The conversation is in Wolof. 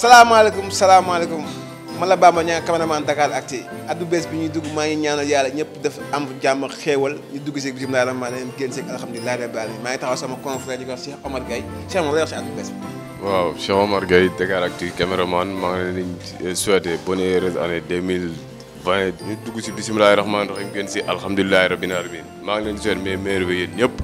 salaamaaleykum salaamaaleykum man la Bamba Niang cameraman Dakaractu at bu bees bi ñuy dugg maa ngi ñaanal yàlla ñëpp def am jàmm xéewal ñu dugg seeg bisimilah rahmaani rahiim génn seeg alhamdulilah rabbil aalamiin maa ngi taxaw sama confrère ñu ko wax Cheikh Omar Gueye Cheikh Omar lay wax si at bu bees bi. waaw Cheikh Omar Gueye Dakaractu caméraman maa ngi leen di souhaiter bonne heureuse année 2020 ñu dugg si bisimilah rahmaani rahiim génn si alhamdulilah rabbil aalamiin maa ngi leen di souhaiter mes meilleurs vœux yéen ñëpp.